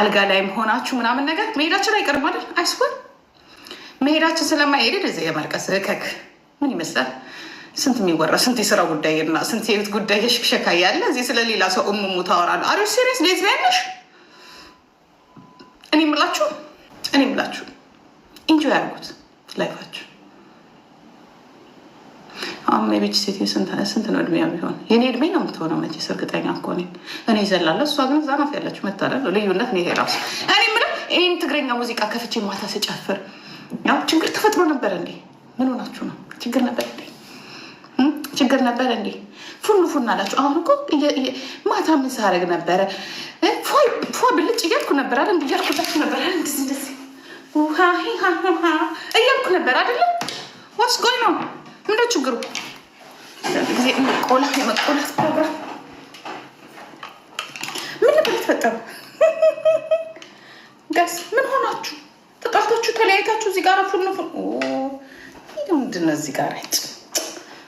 አልጋ ላይም ሆናችሁ ምናምን ነገር መሄዳችን አይቀርም አይደል? አይስወር መሄዳችን ስለማይሄድ እዚ የመርቀስ ከክ ምን ይመስላል? ስንት የሚወራ ስንት የስራ ጉዳይ ጉዳይና ስንት የቤት ጉዳይ የሽክሸካ ያለ እዚህ ስለሌላ ሰው እሙሙ ታወራሉ። አሪ ሲሪስ ቤት ያለሽ እኔ ምላችሁ እኔ ምላችሁ ኢንጆይ ያርጉት ላይፋችሁ አሁን የቤች ሴት ስንት ነው እድሜያ ቢሆን የኔ እድሜ ነው የምትሆነው መቼ እርግጠኛ እኮ ነኝ እኔ ይዘላለ እሷ ግን እዛ ናት ያለችው መታደል ልዩነት ነው ይሄ ራሱ እኔ የምልህ ይህን ትግረኛ ሙዚቃ ከፍቼ ማታ ስጨፍር ያው ችግር ተፈጥሮ ነበር እንዴ ምን ሆናችሁ ነው ችግር ነበር እንዴ ችግር ነበር እንዴ ፉን ፉን አላችሁ አሁን እኮ ማታ ምን ሳረግ ነበረ ፏ ብልጭ እያልኩ ነበር አለ እያልኩላችሁ ነበር እንደዚህ እንደዚህ እያልኩ ነበር አደለም ዋስ ጎይ ነው እንደ ችግሩ አንዳንድ ጊዜ ቆላ የመቆላት ፕሮግራም ምን ነበር የተፈጠረው? ጋስ ምን ሆናችሁ? ተጣልታችሁ ተለያይታችሁ እዚህ ጋር ፉን ምንድን ነው እዚህ ጋር አይጭ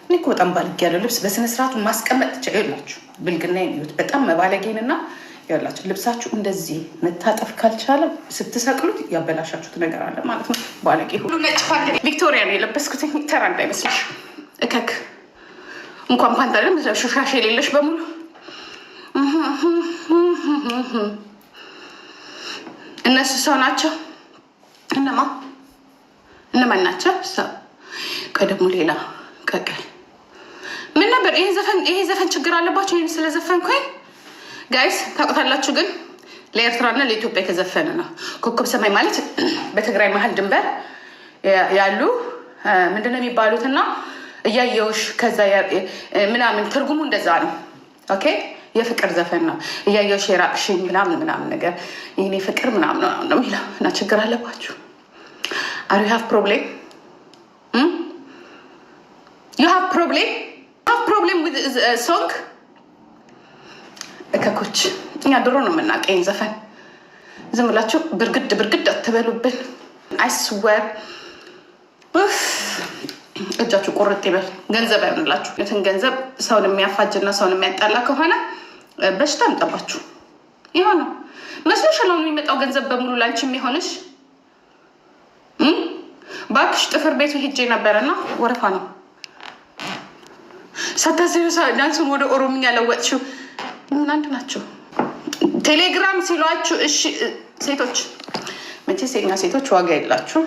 እኔ እኮ በጣም ባልጌ ያለው ልብስ በስነስርዓቱ ማስቀመጥ ትችላላችሁ። ብልግና የሚሉት በጣም መባለጌን እና ያላቸው ልብሳችሁ እንደዚህ መታጠፍ ካልቻለ ስትሰቅሉት ያበላሻችሁት ነገር አለ ማለት ነው። ባለቂ ሁሉ ነጭ ፓንት ቪክቶሪያ ነው የለበስኩት። ተራ እንዳይመስልሽ እከክ እንኳን ፓንት አለ ሻሽ የሌለሽ በሙሉ እነሱ ሰው ናቸው። እነማ እነማን ናቸው? ሰው ከደግሞ ሌላ ቀቀል ምን ነበር ይሄ ዘፈን? ችግር አለባቸው ይህን ስለዘፈንኩኝ ጋይስ ታውቁታላችሁ ግን ለኤርትራና ለኢትዮጵያ የተዘፈነ ነው። ኮከብ ሰማይ ማለት በትግራይ መሀል ድንበር ያሉ ምንድን የሚባሉት? እና እያየውሽ ከዛ ምናምን ትርጉሙ እንደዛ ነው። ኦኬ የፍቅር ዘፈን ነው። እያየውሽ የራቅሽኝ ምናምን ምናምን ነገር ይህኔ ፍቅር ምናምን ነው የሚለው እና ችግር አለባችሁ። አር ዩ ሃቭ ፕሮብሌም ዩ ሃቭ ፕሮብሌም ፕሮብሌም ዊዝ ሶንግ እከኮች እኛ ድሮ ነው የምናውቀኝ ዘፈን። ዝም ብላችሁ ብርግድ ብርግድ አትበሉብን። አይስወር እጃችሁ ቁርጥ ይበል። ገንዘብ አይሆንላችሁ። የትን ገንዘብ ሰውን የሚያፋጅና ሰውን የሚያጣላ ከሆነ በሽታ እንጠባችሁ ይሆነ መስሎሽ ነው የሚመጣው ገንዘብ በሙሉ ላንቺ የሚሆንሽ። ባክሽ ጥፍር ቤቱ ሄጄ ነበረና ወረፋ ነው ሳታስቢ ዳንሱን ወደ ኦሮምኛ ለወጥሽው እናንድ ናቸው። ቴሌግራም ሲሏችሁ እሺ። ሴቶች መቼ የኛ ሴቶች ዋጋ የላችሁ።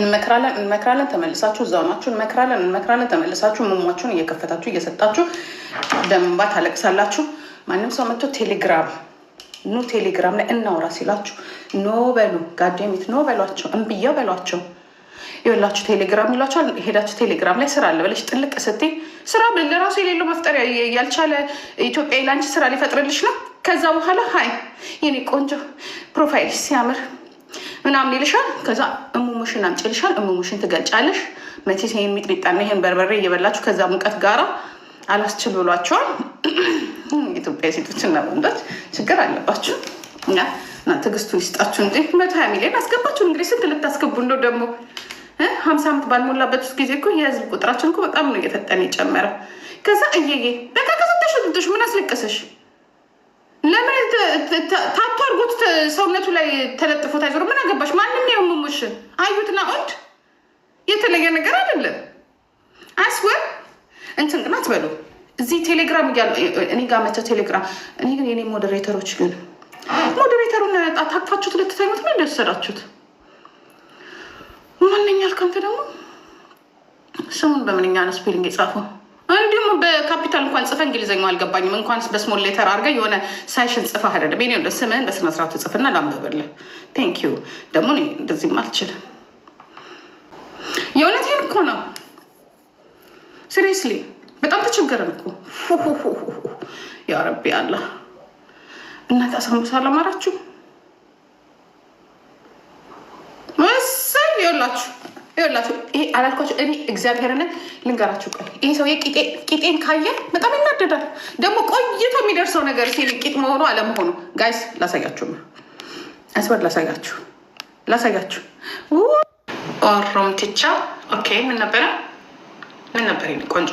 እንመክራለን እንመክራለን፣ ተመልሳችሁ እዛው ናችሁ። እንመክራለን እንመክራለን፣ ተመልሳችሁ ሙሟችሁን እየከፈታችሁ እየሰጣችሁ ደምባ ታለቅሳላችሁ። ማንም ሰው መጥቶ ቴሌግራም ኑ ቴሌግራም ላይ እናውራ ሲላችሁ ኖ በሉ ጋዴሚት ኖ በሏቸው፣ እምብያው በሏቸው። የወላችሁ ቴሌግራም ይሏችኋል። ሄዳችሁ ቴሌግራም ላይ ስራ አለ ብለሽ ጥልቅ ስትይ ስራ ለራሱ የሌለው መፍጠር ያልቻለ ኢትዮጵያዊ ላንቺ ስራ ሊፈጥርልሽ ነው። ከዛ በኋላ ሀይ የኔ ቆንጆ ፕሮፋይል ሲያምር ምናምን ይልሻል። ከዛ እሙሙሽን አምጭልሻል። እሙሙሽን ትገልጫለሽ። መቼስ ይህን ሚጥሚጣና ይህን በርበሬ እየበላችሁ ከዛ ሙቀት ጋራ አላስችል ብሏቸዋል። ኢትዮጵያ ሴቶችን ወንዶች ችግር አለባችሁ እና ትዕግስቱን ይስጣችሁ እንጂ መቶ ሀያ ሚሊዮን አስገባችሁ። እንግዲህ ስንት ልታስገቡ እንደው ደግሞ ሀምሳ ዓመት ባልሞላበት ጊዜ እኮ የህዝብ ቁጥራችን እኮ በጣም ነው እየፈጠነ የጨመረ። ከዛ እየዬ በቃ ከሰጠሽ ወጥቶሽ ምን አስለቀሰሽ? ለምን ታቶ አድርጎት ሰውነቱ ላይ ተለጥፎ ታይዞር ምን አገባሽ? ማንም የሙሙሽ አዩትና ወንድ የተለየ ነገር አይደለም። አስወር እንትን ግን አትበሉ። እዚህ ቴሌግራም እያሉ እኔ ጋር መቸው ቴሌግራም። እኔ ግን የኔ ሞዴሬተሮች ግን ሞዴሬተሩን አታቅፋችሁት ልትተኙት ነው እንደወሰዳችሁት ማንኛል ከንተ ደግሞ ስሙን በምንኛ ነው ስፔሊንግ የጻፈው? እንዲሁም በካፒታል እንኳን ጽፈ እንግሊዘኛው አልገባኝም። እንኳን በስሞል ሌተር አድርገህ የሆነ ሳይሽን ጽፈ አይደለም። ኔ ወደ ስምህን በስነ ስርዓቱ ጽፍና ላንብብልህ። ቴንክ ዩ ደግሞ እንደዚህም አልችልም። የእውነቴን እኮ ነው። ሲሪየስሊ በጣም ተቸገረን እኮ ያረቢ አላ እናት እናንተ አሳምሳ ለማራችሁ ይኸውላችሁ ይሄ አላልኳቸው እኔ እግዚአብሔርን ልንገራችሁ፣ ቆይ ይሄ ሰውዬ ቂጤን ካየ በጣም ይናደዳል። ደግሞ ቆይቶ የሚደርሰው ነገር ሲል ቂጥ መሆኑ አለመሆኑ ጋይስ ላሳያችሁ፣ አስበር ላሳያችሁ፣ ላሳያችሁ። ኦሮም ትቻ ኦኬ። ምን ነበረ ምን ነበር? ቆንጆ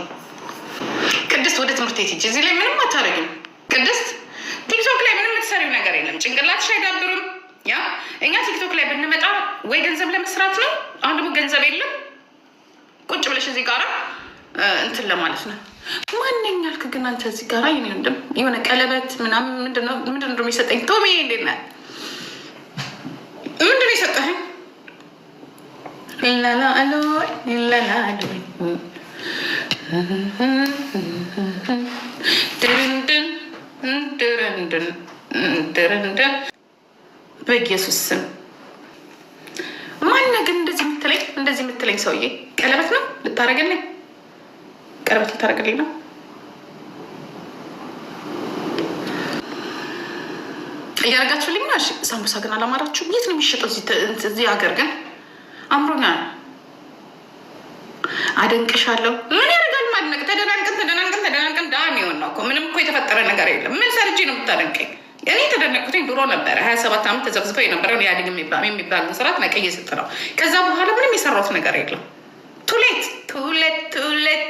ቅድስት፣ ወደ ትምህርት ቤት ሂጅ። እዚህ ላይ ምንም አታደርጊም ቅድስት። ቲክቶክ ላይ ምንም የምትሰሪው ነገር የለም። ጭንቅላትሽ አይዳብርም። ያ እኛ ቲክቶክ ላይ ብንመጣ ወይ ገንዘብ ለመስራት ነው። አሁን ደግሞ ገንዘብ የለም። ቁጭ ብለሽ እዚህ ጋራ እንትን ለማለት ነው። ማንኛ ያልክ ግን አንተ እዚህ ጋራ የሆነ ቀለበት ምናምን ምንድን ነው የሚሰጠኝ? ቶሚ እንዴት ነህ? ምንድን ነው የሰጠኸኝ? ላላ አሎ ድርንድን ድርንድን ድርንድን በኢየሱስ ስም ማን ግን እንደዚህ የምትለኝ እንደዚህ የምትለኝ ሰውዬ ቀለበት ነው ልታረገልኝ? ቀለበት ልታረገልኝ ነው? እያደረጋችሁልኝ ነው። ሳምቡሳ ግን አላማራችሁ። የት ነው የሚሸጠው? እዚህ ሀገር ግን አምሮኛ ነው። አደንቅሻለሁ። ምን ያደርጋል ማድነቅ? ተደናንቀን ተደናንቀን ተደናንቀን ዳም የሆን ነው። ምንም እኮ የተፈጠረ ነገር የለም። ምን ሰርቼ ነው የምታደንቀኝ? እኔ የተደነቅኩትኝ ድሮ ነበረ ሀያ ሰባት ዓመት ተዘብዝበው የነበረውን ኢህአዴግ የሚባል ስርዓት ነቀይ ስጥ ነው። ከዛ በኋላ ምንም የሰራሁት ነገር የለም። ቱሌት ቱሌት ቱሌት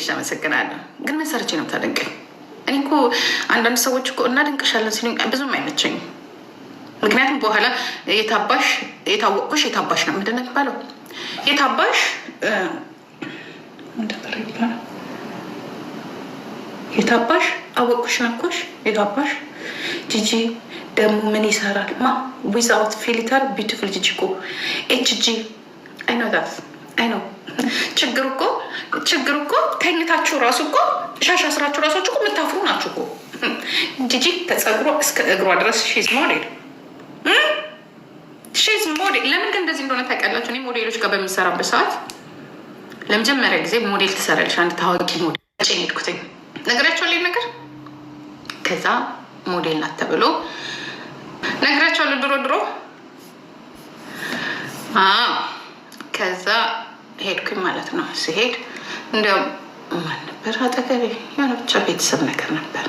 ሽ አመሰግናለሁ። ግን መሰረቼ ነው ታደንቀኝ። እኔ እኮ አንዳንድ ሰዎች እኮ እናደንቅሻለን ሲሉኝ ብዙም አይመቸኝም። ምክንያቱም በኋላ የታባሽ የታወቅኩሽ የታባሽ ነው ምንድን ነው የሚባለው? የታባሽ ምንድን ነው የሚባለው? የታባሽ አወቅኩሽ አልኩሽ የታባሽ ጂጂ ደግሞ ምን ይሰራል ማ ዊዛውት ፊሊተር ቢዩቲፉል ጂጂ እኮ ኤች ጂ አይኖ ዳት አይኖ ችግር እኮ ችግር እኮ ተኝታችሁ ራሱ እኮ ሻሻ ስራችሁ ራሳችሁ እኮ የምታፍሩ ናችሁ እኮ ጂጂ ከፀጉሯ እስከ እግሯ ድረስ ሺዝ ሞዴል ሺዝ ሞዴል ለምን ግን እንደዚህ እንደሆነ ታውቂያላችሁ እኔ ሞዴሎች ጋር በምሰራበት ሰዓት ለመጀመሪያ ጊዜ ሞዴል ትሰራለች አንድ ታዋቂ ሞዴል ጭ ሄድኩትኝ ነግራቸዋለሁ ነገር ከዛ ሞዴል ናት ተብሎ ነግራቸዋለሁ። ድሮ ድሮ ከዛ ሄድኩኝ ማለት ነው። ሲሄድ እንዲያውም ማን ነበር አጠገቤ? የሆነ ብቻ ቤተሰብ ነገር ነበር።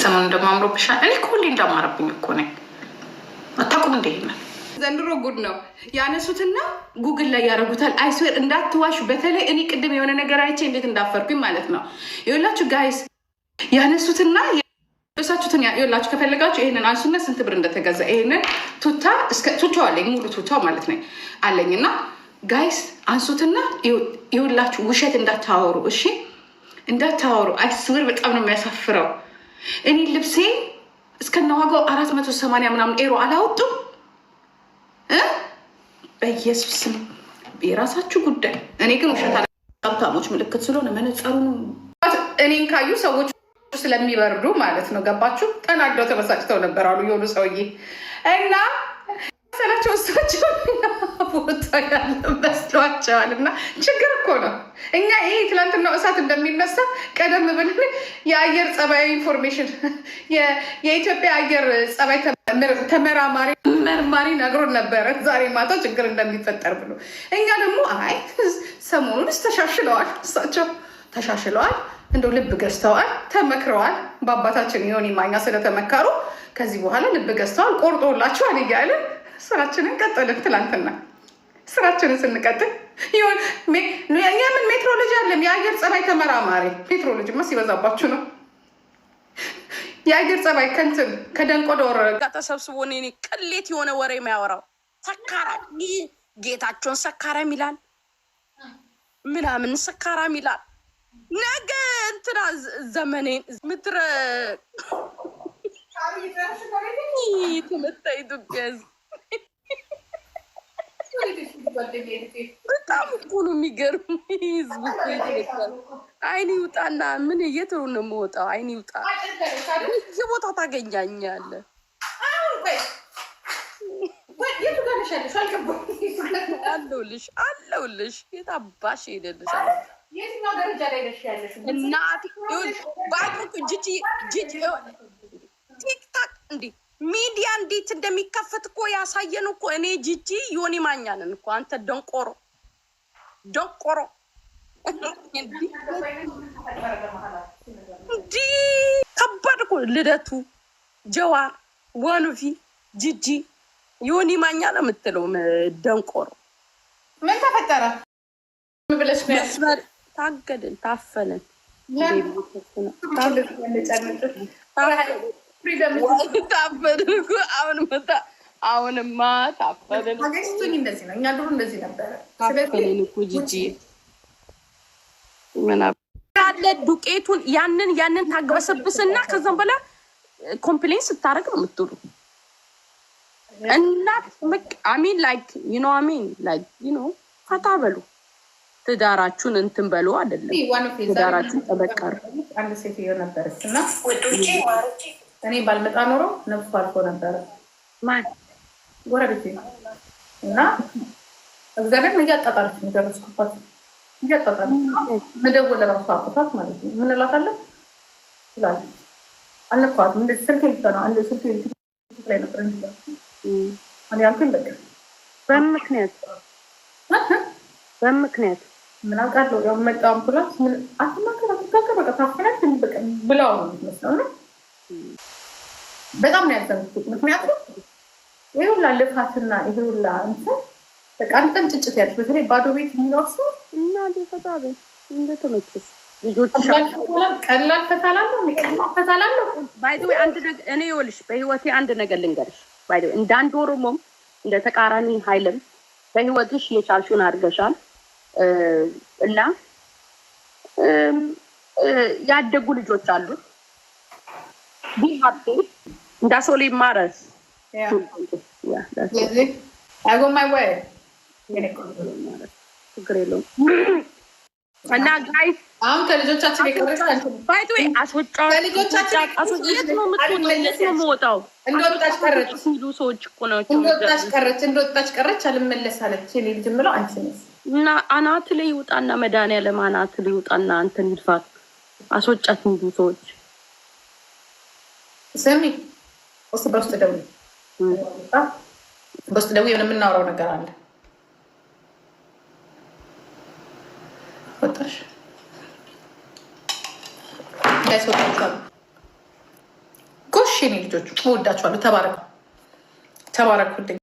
ሰሞኑን እንደማምሮብሻል። እኔ እኮ ሁሌ እንዳማረብኝ እኮ ነኝ። አታውቁም እንደ ይሄ ዘንድሮ ጉድ ነው ያነሱትና ጉግል ላይ ያደረጉታል። አይስዌር እንዳትዋሹ። በተለይ እኔ ቅድም የሆነ ነገር አይቼ እንዴት እንዳፈርኩኝ ማለት ነው። የላችሁ ጋይስ ያነሱትና በሳችሁትን የላችሁ ከፈለጋችሁ ይህንን አንሱና ስንት ብር እንደተገዛ ይህንን ቱታ ቱታ አለኝ ሙሉ ቱታ ማለት ነው አለኝና ጋይስ አንሱትና የሁላችሁ ውሸት እንዳታወሩ፣ እሺ እንዳታወሩ። አይስዌር በጣም ነው የሚያሳፍረው። እኔ ልብሴ እስከነዋጋው አራት መቶ ሰማንያ ምናምን ኤሮ አላወጡም። በኢየሱስ የራሳችሁ ጉዳይ። እኔ ግን ውሸት ሀብታሞች ምልክት ስለሆነ መነጸሩ ነው። እኔን ካዩ ሰዎች ስለሚበርዱ ማለት ነው። ገባችሁ? ተናደው ተበሳጭተው ነበር አሉ የሆኑ ሰውዬ እና ሰላቸው እሳቸው ቦታ ያለ መስሏቸዋል። እና ችግር እኮ ነው። እኛ ይሄ ትላንትና እሳት እንደሚነሳ ቀደም ብለን የአየር ጸባይ ኢንፎርሜሽን የኢትዮጵያ አየር ጸባይ ተመራማሪ መርማሪ ነግሮን ነበረ ዛሬ ማታ ችግር እንደሚፈጠር ብሎ። እኛ ደግሞ አይ ሰሞኑንስ ተሻሽለዋል፣ እሳቸው ተሻሽለዋል፣ እንደው ልብ ገዝተዋል፣ ተመክረዋል፣ በአባታችን ዮኒ ማኛ ስለተመከሩ ከዚህ በኋላ ልብ ገዝተዋል፣ ቆርጦላችኋል እያለን ስራችንን ቀጠልን። ትላንትና ስራችንን ስንቀጥል የምን ሜትሮሎጂ አለም የአየር ጸባይ ተመራማሪ ሜትሮሎጂማ ሲበዛባችሁ ነው። የአገር ጸባይ ከንትን ከደንቆሮ ጋር ተሰብስቦ እኔ ቅሌት የሆነ ወሬ የሚያወራው ሰካራም ጌታቸውን ሰካራም ይላል ምናምን ሰካራም ይላል። ነገ እንትና ዘመኔን ምድረ ትምህርት ኢትዮጵያ በጣም እኮ ነው የሚገርም ህዝቡ አይን ይውጣና ምን የትሩ ነው የምወጣው? አይን ይውጣ የቦታ ታገኛኛለ አለውልሽ አለውልሽ የታባሽ ሄደልሽ እናቴ ጅጅ ቲክታክ እንዴ ሚዲያ እንዴት እንደሚከፈት እኮ ያሳየን እኮ እኔ ጂጂ ዮኒ ማኛንን እኮ። አንተ ደንቆሮ ደንቆሮ እንዲ ከባድ እኮ ልደቱ፣ ጀዋር፣ ወንፊ ጂጂ ዮኒ ማኛ ነው የምትለው ደንቆሮ። ምን ተፈጠረ ታገድን፣ ታፈንን ታፈድርኩ አሁን መጣ። አሁንማ ታፈልን። ሀገሪቱን እንደዚህ ነው። እኛ ድሮ እንደዚህ ነበረ። ታፈልን ያለ ዱቄቱን ያንን ያንን ታግበሰብስና ከዛም በላ ኮምፕሌን ስታደርግ ነው የምትሉ እናት አሚን ላይክ ዩኖ አሚን ላይክ ዩኖ ፈታ በሉ ትዳራችሁን እንትን በሉ አይደለም ትዳራችሁን ተበቀሩ። አንድ ሴትዮ ነበረች እና ወዶቼ እኔ ባልመጣ ኖሮ ነፍሱ አልፎ ነበረ። ማን ጎረቤት እና እግዚአብሔር ነው እያጣጣለች የሚደረስኩባት እያጣጣለች መደወል ለራሱ አቁታት ማለት ነው። ምን ይላል አልነኳት አልነኳትም እንደ ስልክ ልተ ነው አንድ ስልክ ላይ ነበር እኔ ያልኩኝ በቃ በምክንያት በምክንያት ምን አውቃለሁ ያው መጣ አምቡላንስ ምን አትማከራ በቃ ታፍናት ብለው ነው የምትመስለው ነው በጣም ነው ያዘንኩት። ምክንያቱም ይሁላ ልፋትና ይሁላ እንትን በቃ አንተም ጭጭት ያለች በተለይ ባዶ ቤት የሚኖር ሰው እና ቤት እንደተመጭስ ቀላል ፈታላለሁ ቀላል ፈታላለሁ። እኔ ይኸውልሽ በህይወቴ አንድ ነገር ልንገርሽ። ባይዶ እንደ አንድ ኦሮሞም እንደ ተቃራኒ ኃይልም በህይወትሽ የቻልሽውን አድርገሻል እና ያደጉ ልጆች አሉት ቢሀብቴ That's it matters. Yeah. Yeah, that's it. it. I go my way. እና ጋይ አሁን ከልጆቻችን የቀረችልጆቻችንጣው እንደወጣች ቀረች አልመለስ አለች የኔ ልጅ የምለው አንቺ እና አናት ላይ ይውጣና መድኃኒዓለም አናት ላይ ይውጣና አንተን ይድፋት አስወጫት ሰዎች ስሚ ውስጥ በውስጥ ደውዬ በውስጥ ደውዬ የምናወራው ነገር አለ። ወጣሽ ጎሽ፣ የኔ ልጆች እወዳችኋለሁ። ተባረኩ፣ ተባረኩልኝ።